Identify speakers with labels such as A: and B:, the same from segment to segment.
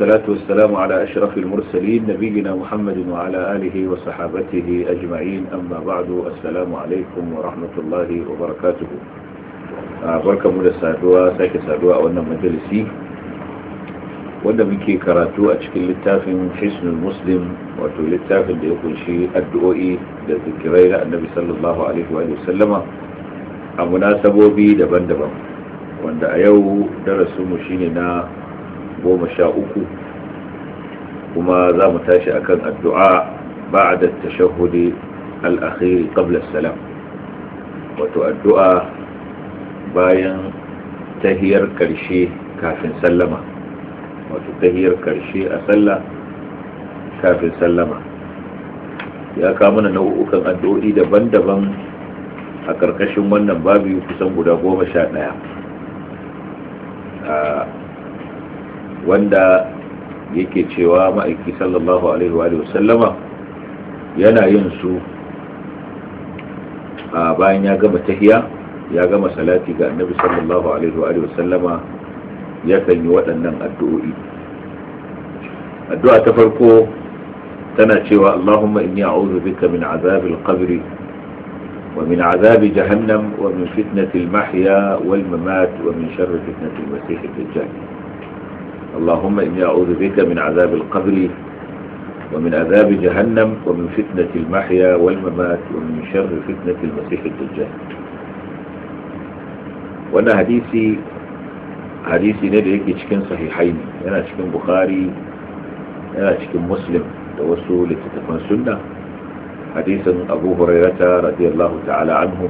A: الصلاة والسلام على أشرف المرسلين نبينا محمد وعلى آله وصحابته أجمعين أما بعد السلام عليكم ورحمة الله وبركاته بركة مدى سادوة ساكي سادوة وانا مجلسي وانا بكي كراتو أشكل للتافن حسن المسلم وتو للتافن ليقول شيء الدعوئي لذكرين النبي صلى الله عليه وآله وسلم أمناسبو بي دبن دبن وانا أيو درسوا مشيننا goma sha uku kuma za mu tashi kan addu'a ba'da da tashahudi akhir qabla salam wato addu'a bayan tahiyar karshe kafin sallama wato tahiyar ƙarshe a sallah kafin sallama ya kawo mana nau'ukan addu'o'i daban-daban a ƙarƙashin wannan babu kusan guda goma sha ɗaya wanda yake cewa ma'aiki sallallahu alaihi wa sallama yana yin su a bayan ya gama tahiya ya gama salati ga annabi sallallahu alaihi wa sallama yakan yi waɗannan addu'o'i addu'a ta farko tana cewa Allahumma inni a'udhu bika min azabil qabri ومن عذاب جهنم ومن فتنة المحيا wa ومن شر فتنة المسيح الدجال اللهم إني أعوذ بك من عذاب القبر ومن عذاب جهنم ومن فتنة المحيا والممات ومن شر فتنة المسيح الدجال وانا حديثي حديثي ندعيك اشكن صحيحين انا اشكن بخاري انا اشكن مسلم توسو لتتفن سنة حديثا ابو هريرة رضي الله تعالى عنه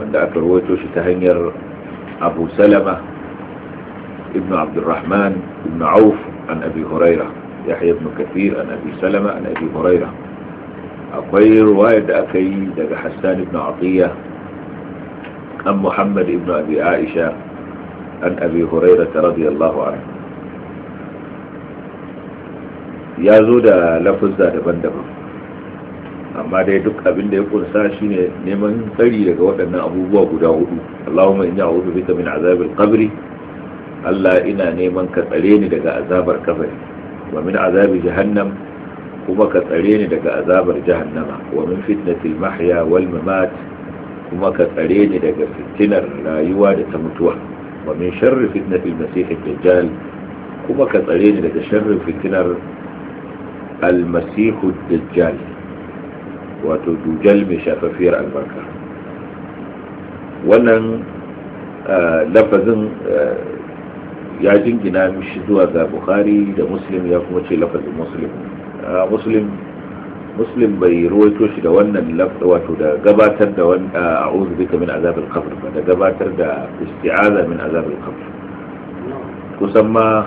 A: من دعك رويتو شتهنير ابو سلمة ابن عبد الرحمن بن عوف عن أبي هريرة يحيى بن كثير عن أبي سلمة عن أبي هريرة أقوي رواية أكي دك حسان بن عطية عن محمد بن أبي عائشة عن أبي هريرة رضي الله عنه يا زودا لفظ ذات بندبه أما دي دك أبن دي يقول ساشين نيمان قريبا وقتنا أبو بوا قدا اللهم إني أعوذ بك من عذاب القبر Allah ina neman ka tsare ni daga azabar kabari wa min azabi jahannam kuma ka tsare ni daga azabar jahannama wa min fitnatil mahya wal mamat kuma ka tsare ni daga fitinar rayuwa da ta mutuwa wa min sharri fitnatil masih dajjal kuma ka tsare ni daga sharrin fitinar al masih dajjal wato dujal mai shafafiyar albarka wannan ah, lafazin ah, ya jingina mishi zuwa ga bukhari da muslim ya kuma ce lafazin muslim muslim muslim bai ruwaito shi da wannan wato da gabatar da a uzu bika min azabin kafir ba da gabatar da isti'aza min azabin kafir kusan ma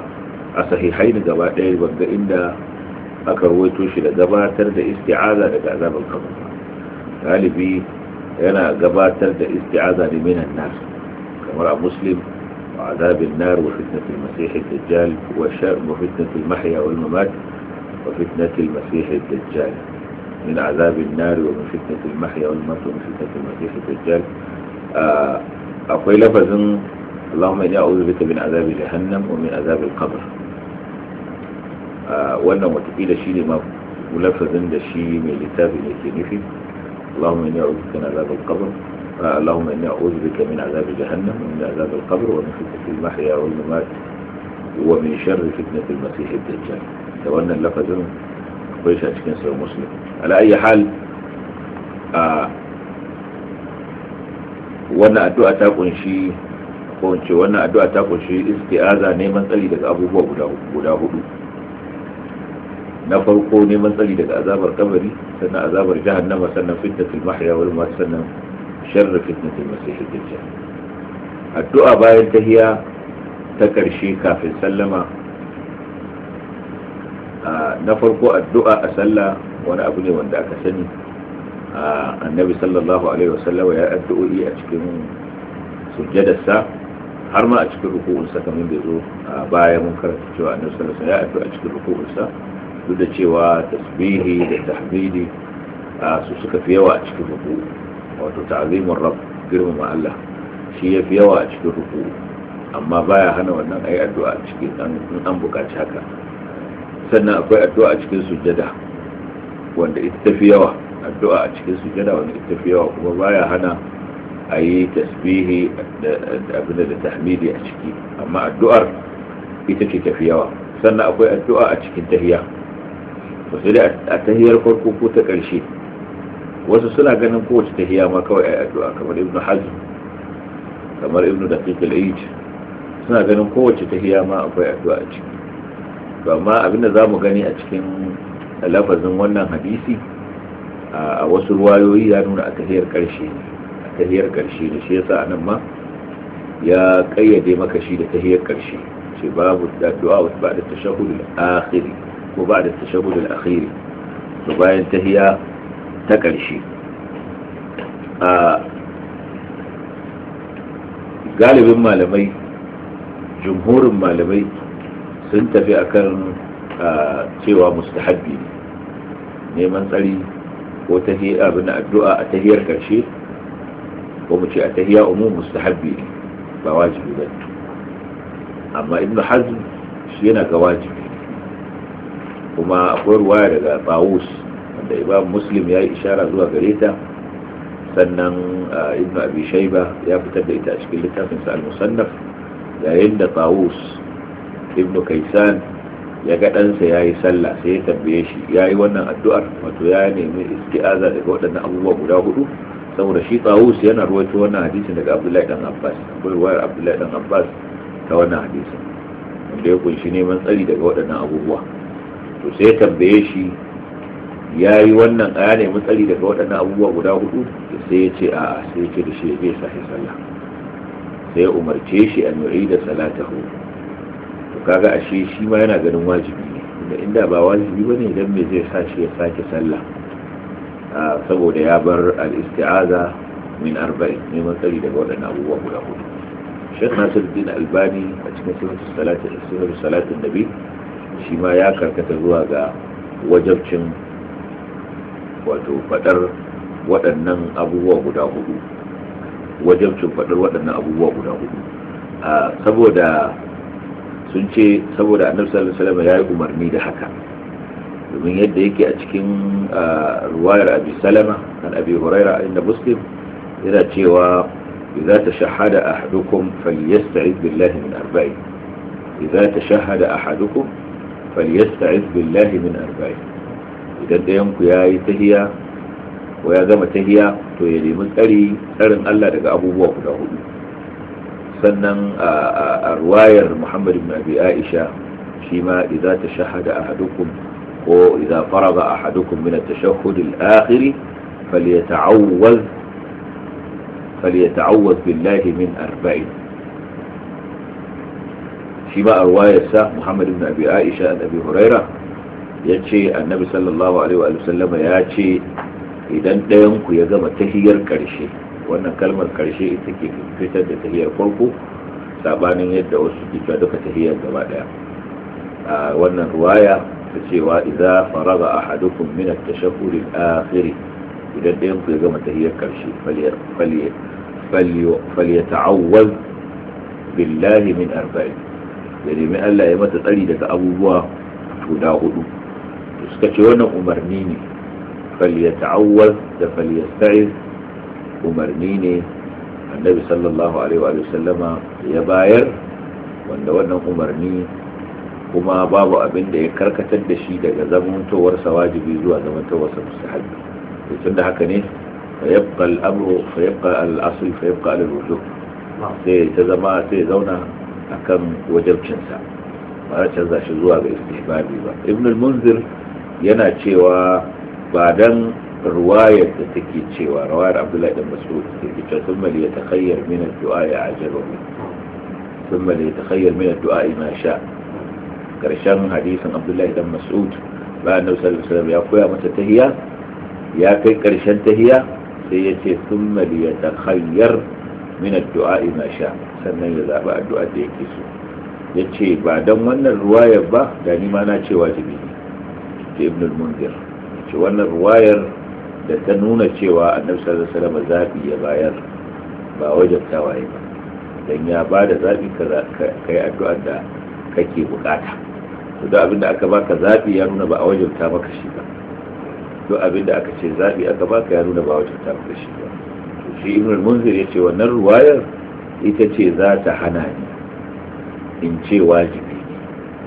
A: a sahihain gaba ɗaya banga inda aka ruwaito shi da gabatar da isti'aza daga azabin kafir ba galibi yana gabatar da isti'aza da minan nasu kamar a muslim وعذاب النار وفتنة المسيح الدجال وفتنة المحيا والممات وفتنة المسيح الدجال من عذاب النار ومن فتنة المحيا والممات ومن فتنة المسيح الدجال آه، أقول لفظ اللهم إني أعوذ بك من عذاب جهنم ومن عذاب القبر آه، وأنا متقيل شيء لما ملفظ لشيء من mai littafin اللهم إني أعوذ بك من عذاب القبر اللهم إني أعوذ بك من عذاب جهنم ومن عذاب القبر ومن فتنة المحيا والممات ومن شر فتنة المسيح الدجال تولى اللفظ akwai shi a cikin sayar muslim ala'ayi hal a wannan addu'a ta kunshi ko ce wannan addu'a ta kunshi isti'aza neman tsari daga abubuwa guda hudu na farko neman tsari daga azabar kabari sannan azabar jahannama sannan fitnatul mahya wal sannan sharri fitnatul masih dajjal addu'a bayan ta tahiya ta karshe kafin sallama na farko addu'a a sallah wani abu ne wanda aka sani annabi sallallahu alaihi wasallama ya addu'o'i a cikin sujjadarsa har ma a cikin rukunsa kamar da zo baya mun karanta cewa annabi sallallahu alaihi ya addu'a a cikin rukunsa duk da cewa tasbihi da tahmidi su suka fi yawa a cikin rukunsa wato ta'azimin rabb girmama Allah shi yafi yawa a cikin ruku amma baya hana wannan ayi addu'a a cikin in an bukaci haka sannan akwai addu'a a cikin sujjada wanda ita tafi yawa addu'a a cikin sujjada wanda ita tafi yawa kuma baya hana a yi tasbihi da abin da tahmidi a ciki amma addu'ar ita ce tafi yawa sannan akwai addu'a a cikin tahiya wasu da dai a tahiyar farko ko ta ƙarshe wasu suna ganin kowace tahiya ma kawai a yi addu'a kamar ibnu hajji kamar ibnu da fitil suna ganin kowace tahiya ma akwai addu'a a ciki to amma abinda mu gani a cikin lafazin wannan hadisi a wasu ruwayoyi ya nuna a tahiyar karshe ne a tahiyar karshe ne shi yasa anan ma ya kayyade maka shi da tahiyar karshe ce babu addu'a ba da da al akhiri ko ba da al akhiri, to bayan tahiya ta ƙarshe a galibin malamai jumhurin malamai sun tafi a kan cewa mustahabbi neman tsari ko tahiyya abin addu'a a tahiyar ƙarshe ko mu ce a tahiya umum mustahabbi ba wajibi ba amma ibn hazm shi yana ga wajibi kuma akwai ruwaya daga bawus wanda imam muslim ya yi ishara zuwa gare ta sannan ibn abi shaiba ya fitar da ita a cikin littafin sa al-musannaf yayin da tawus ibn kaisan ya ga ɗansa ya yi sallah sai ya tambaye shi ya yi wannan addu'ar wato ya nemi isti'aza daga waɗannan abubuwa guda hudu saboda shi tawus yana ruwaito wannan hadisin daga abdullahi dan abbas akwai ruwayar abdullahi dan abbas ta wannan hadisin wanda ya kunshi neman tsari daga waɗannan abubuwa to sai ya tambaye shi ya yi wannan aya ne matsari tsari daga waɗannan abubuwa guda hudu sai ya ce a sai ya ce da shi zai sahi sallah sai ya umarce shi a nuri da salatahu to kaga a shi ma yana ganin wajibi ne inda inda ba wajibi ba ne idan me zai sa shi ya sake sallah saboda ya bar al-isti'aza min arba'in neman tsari daga waɗannan abubuwa guda hudu nasir din Albani a cikin sunan salatin salatin nabi shi ma ya karkata zuwa ga wajabcin wato faɗar waɗannan abubuwa guda hudu wajabcin faɗar waɗannan abubuwa guda hudu saboda sun ce saboda annabi sallallahu alaihi wasallam ya yi umarni da haka domin yadda yake a cikin ruwayar abi salama an abi huraira inda muslim yana cewa idza tashahada ahadukum falyasta'id billahi min arba'in idza tashahada ahadukum falyasta'id billahi min arba'in idan ɗayan ku ya yi tahiya ko ya gama tahiya to ya nemi tsari tsarin Allah daga abubuwa guda hudu sannan a ruwayar Muhammad bin Abi Aisha shi ma idza tashahhada ahadukum ko idza faraga ahadukum min at-tashahhud al-akhir falyata'awwaz falyata'awwaz billahi min arba'in shi ma a ruwayarsa Muhammad bin Abi Aisha an Abi Hurairah ya ce annabi sallallahu alaihi wa ya ce idan ku ya gama tahiyar ƙarshe wannan kalmar ƙarshe ita ke fitar da tahiyar farko sabanin yadda wasu ke duka tahiyar gaba ɗaya a wannan ruwaya ta cewa idza faraga ahadukum min at-tashahhud al idan ɗayan ku ya gama tahiyar ƙarshe falyata'awwaz billahi min arba'in ya nemi Allah ya mata tsari daga abubuwa guda hudu suka ce wannan umarni ne falyata'awwal da falyasta'iz umarni ne annabi sallallahu alaihi ya bayar wanda wannan umarni kuma babu abin da ya karkatar da shi daga zamantowarsa wajibi zuwa zamantowarsa mustahabi tun da haka ne فيبقى الأمر فيبقى الأصل sai ta zama sai zauna akan wajabcinsa ba a canza shi zuwa ga istihbabi ba ibn al-munzir yana cewa ba dan ruwayar da take cewa ruwayar abdullahi da mas'ud take cewa sun mali ya takhayyar min addu'a ya ajabahu sun mali ya takhayyar min addu'a ma sha karshen hadisin abdullahi da mas'ud bayan nabi wasu alaihi ya koya mata tahiya ya kai karshen tahiya sai ya ce sun mali ya takhayyar min addu'a ma sha sannan ya zaba addu'a da yake so ya ce ba dan wannan ruwayar ba da ni ma na ce wajibi ne da ibn al-munzir ce wannan ruwayar da ta nuna cewa annabi sallallahu alaihi wasallam zabi ya bayar ba wajen tawaye ba dan ya ba da zabi ka yi addu'a da kake bukata to da abinda aka baka zabi ya nuna ba a ta maka shi ba to abinda aka ce zabi aka baka ya nuna ba a ta maka shi ba to shi ibn al-munzir ya ce wannan ruwayar ita ce za ta hana ni in ce wajibi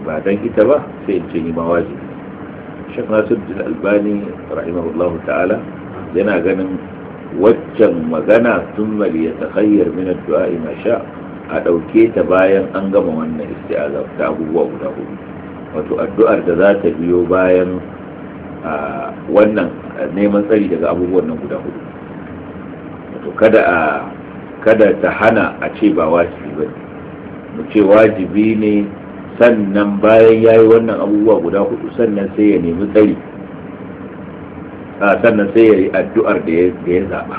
A: ba dan ita ba sai in ce ni ma wajibi shek nasiruddin albani rahimahullahu ta'ala yana ganin waccan magana tun ya ta mina addu'a ma sha a ɗauke ta bayan an gama wannan isti'aza ta abubuwa guda hudu wato addu'ar da za ta biyo bayan wannan neman tsari daga abubuwan nan guda hudu wato kada kada ta hana a ce ba wajibi ba mu ce wajibi ne sannan bayan ya yi wannan abubuwa guda hudu sannan sai ya nemi tsari sannan sai ya yi addu'ar da ya zaɓa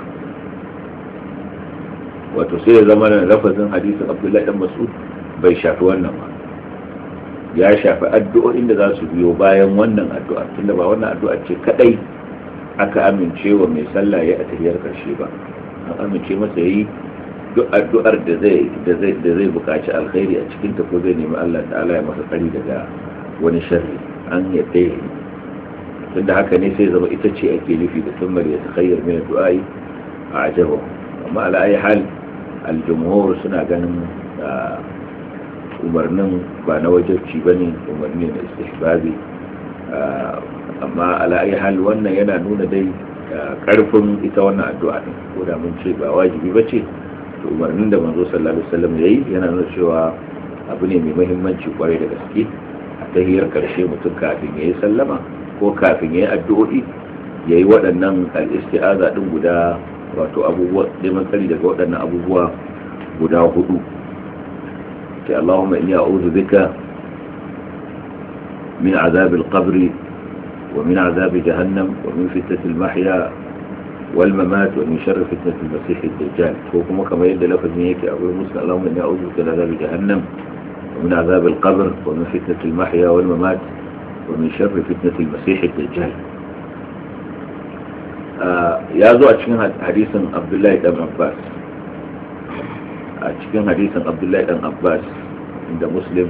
A: wato sai ya zama nan lafazin hadisin abdullahi dan mas'ud bai shafi wannan ba ya shafi addu'o'in da za su biyo bayan wannan addu'ar tunda ba wannan addu'ar ce kadai aka amincewa mai sallah ya a tafiyar karshe ba an amince masa ya yi duk addu'ar da zai da zai da zai bukaci alkhairi a cikin ta ko zai nemi Allah ta'ala ya masa kari daga wani sharri an ya tsaye tunda haka ne sai zama ita ce ake nufi da tummar ya takhayyar min du'ai a ajaba amma ala ayi hal aljumhur suna ganin umarnin ba na wajabci bane umarni na istihbabi amma ala ayi hal wannan yana nuna dai karfin ita wannan addu'a ne ko da mun ce ba wajibi ba ce umarnin da manzo sallallahu alaihi wasallam yayi yana nuna cewa abu ne mai muhimmanci kwarai da gaske a tahiyar karshe mutum kafin yayi sallama ko kafin yayi addu'o'i yayi waɗannan al-isti'aza din guda wato abubuwa neman tsari daga waɗannan abubuwa guda hudu ta Allahumma inni a'udhu bika min azabil qabri wa min azabi jahannam wa min fitnatil mahya والممات وان يشرف فتنة المسيح الدجال فوقما كما يدى لفظ من يكي أبو المسلم اللهم إني أعوذ بك العذاب جهنم ومن عذاب القبر ومن فتنة المحيا والممات ومن شر فتنة المسيح الدجال آه، يا ذو أتشكين حديثا عبد الله بن عباس أتشكين حديثا عبد الله بن عباس عند مسلم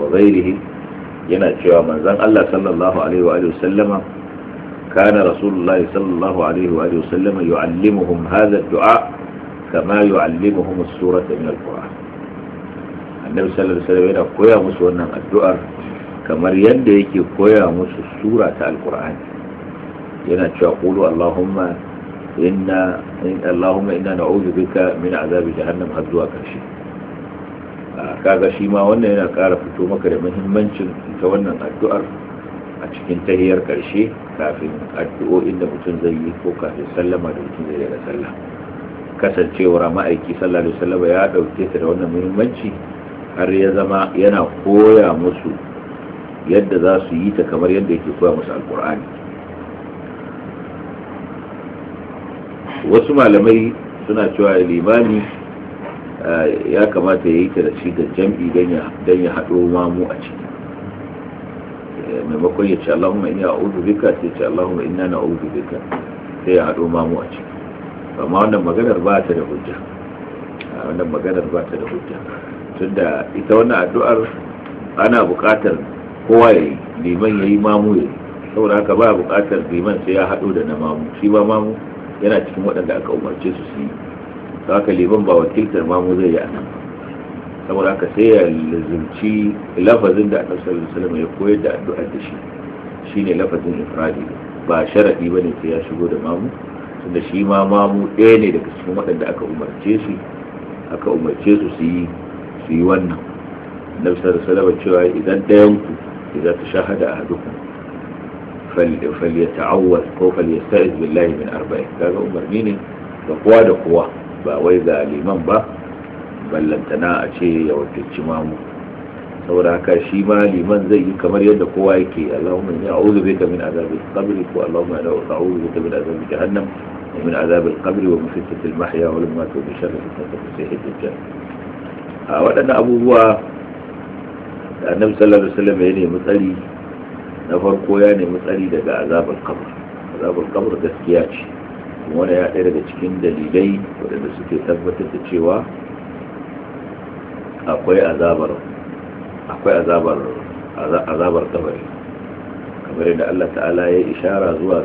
A: وغيره ينأتي ومن ذن الله صلى الله عليه وآله وسلم وغيره كان رسول الله صلى الله عليه وآله وسلم يعلمهم هذا الدعاء كما يعلمهم السورة من القرآن النبي صلى الله عليه وسلم yana koya musu wannan addu'ar kamar yadda yake koya musu surata ta alqur'ani yana cewa qulu allahumma inna in allahumma inna azabi jahannam har karshe kaga shi ma wannan yana ƙara fito maka da muhimmancin ta wannan addu'ar a cikin tahiyar karshe kafin addu'o'in da mutum zai yi ko kafin sallama da mutum zai daga sallah kasancewar ma'aiki sallallahu alaihi wasallam ya ɗauke ta da wannan muhimmanci har ya zama yana koya musu yadda za su yi ta kamar yadda yake koya musu alkur'ani wasu malamai suna cewa limani eh, ya kamata ya yi ta da shi da jam'i don ya haɗo mamu a ciki maimakon ya ce Allahumma inni a'udhu bika sai ce Allahumma inna na'udhu bika sai ya hado mamu a ciki amma wannan maganar ba ta da hujja wannan maganar ba ta da hujja tunda ita wannan addu'ar ana buƙatar kowa ya yi liman ya yi mamu ya yi saboda haka ba buƙatar liman sai ya haɗo da na mamu shi ba mamu yana cikin waɗanda aka umarce su su yi haka liman ba wakiltar mamu zai yi a nan saboda aka sai ya lazimci lafazin da annabi sallallahu alaihi wasallam ya koyar da addu'a da shi shine lafazin ifradi ba sharadi bane sai ya shigo da mamu tunda shi ma mamu ɗaya ne daga cikin waɗanda aka umarce su aka umarce su su yi su yi wannan annabi sallallahu alaihi wasallam cewa idan ɗayan ku idan ta shahada ahadukum falyata'awwaz ko falyasta'iz billahi min arba'in kaga umarni ne ga kowa da kowa ba wai ga ba ballantana a ce ya wakilci mamu saboda haka shi ma liman zai yi kamar yadda kowa yake Allahumma inni a'udhu bika min azabil qabri ko Allahumma inni a'udhu bika min azabil jahannam wa min azabil qabri wa min fitnatil mahya wal mamat wa min sharri fitnatil masiihid dajjal a waɗannan abubuwa da annabi sallallahu alaihi wasallam ya nemi tsari na farko ya nemi tsari daga azabar kabar azabar kabar gaskiya ce kuma wani ya ɗaya daga cikin dalilai waɗanda suke tabbatar da cewa akwai azabar akwai azabar azabar kabari kamar yadda Allah ta'ala ya ishara zuwa